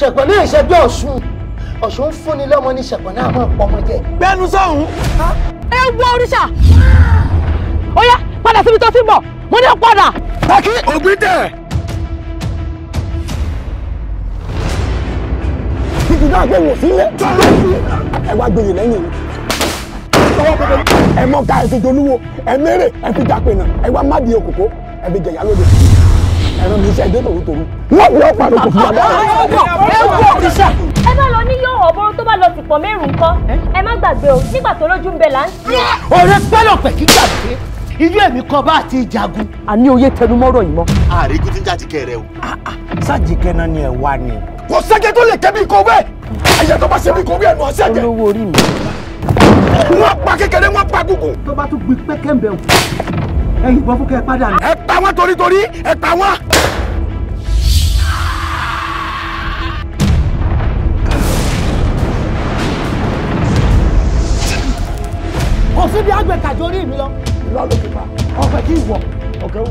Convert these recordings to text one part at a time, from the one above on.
ṣẹ̀pọ̀n náà ìṣẹ́jọ́ ọ̀ṣun ọ̀ṣun ń fúnni lọ́mọ ní ṣẹ̀pọ̀n náà máa pọ̀ ọmọ jẹ. gbẹnu sọhùn. ẹ wo oríṣà ó yá padà síbi tó ti ń bọ̀ mo ní padà. pákí ògbín tẹ. títí náà gbé wò sílé. ẹ wá gbèrè lẹ́yìn ẹ mọ ká ẹ fi jolúwo ẹ mérè ẹ fi jàpè náà ẹ wá má di òkòkò ẹ fi jẹyà lóde ẹran mi ṣe ẹjọ tòrútòrú wọn fi ọpa lóko fún wa dáhùn pọ̀ mẹ́rù ńkọ́ ẹ má gbàgbé o nígbà tó lójú ń bẹ là ń ọ̀rẹ́ pẹ́lọ̀pẹ̀ kí gbàgbé irú èmi kan bá ti jagun. àní oyè tẹnumọ́rọ̀ yìí mọ́. ààrẹ ikú ti ń jàjìkẹ́ o. sàjìkẹ́ ah, ah, náà ni ẹ wá ni. kò sẹ́gẹ́ tó lè kẹ́ bí kò wẹ́ ẹ̀yẹ tó bá ṣe bí kò wẹ́ ẹnu ọ̀sẹ̀ jẹ. olówó orí mi. wọ́n pa kékeré wọ́n pa gúgùn. tó bá tún gbin pẹ́kẹ́ ń bẹ̀ wò ẹ̀yìn bọ́ fún kẹ́ ẹ padà. ẹ pa wọn torítorí ẹ pa wọn. síbi àgbẹ̀kàjọ orí mi lọ. irọ́ ló fi pa ọ̀pẹ kí ìwọ ọ̀kẹ́ wù.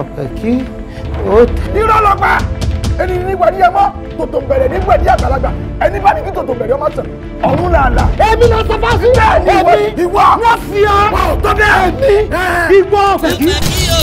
ọ̀pẹ kí ó tẹ. irọ́ ló pa ẹni nígbà ní ẹmọ tòtò bẹ̀rẹ̀ nígbà ní àgbàlagbà ẹni bá ní kí tòtò bẹ̀rẹ̀ ọmọ sàn ọ̀run làlà. èmi lọ sọ fásitì èmi ìwọ wọn fi ọ wọn tọ́ bẹ́ẹ̀ èmi ìwọ ọ̀pẹ kí.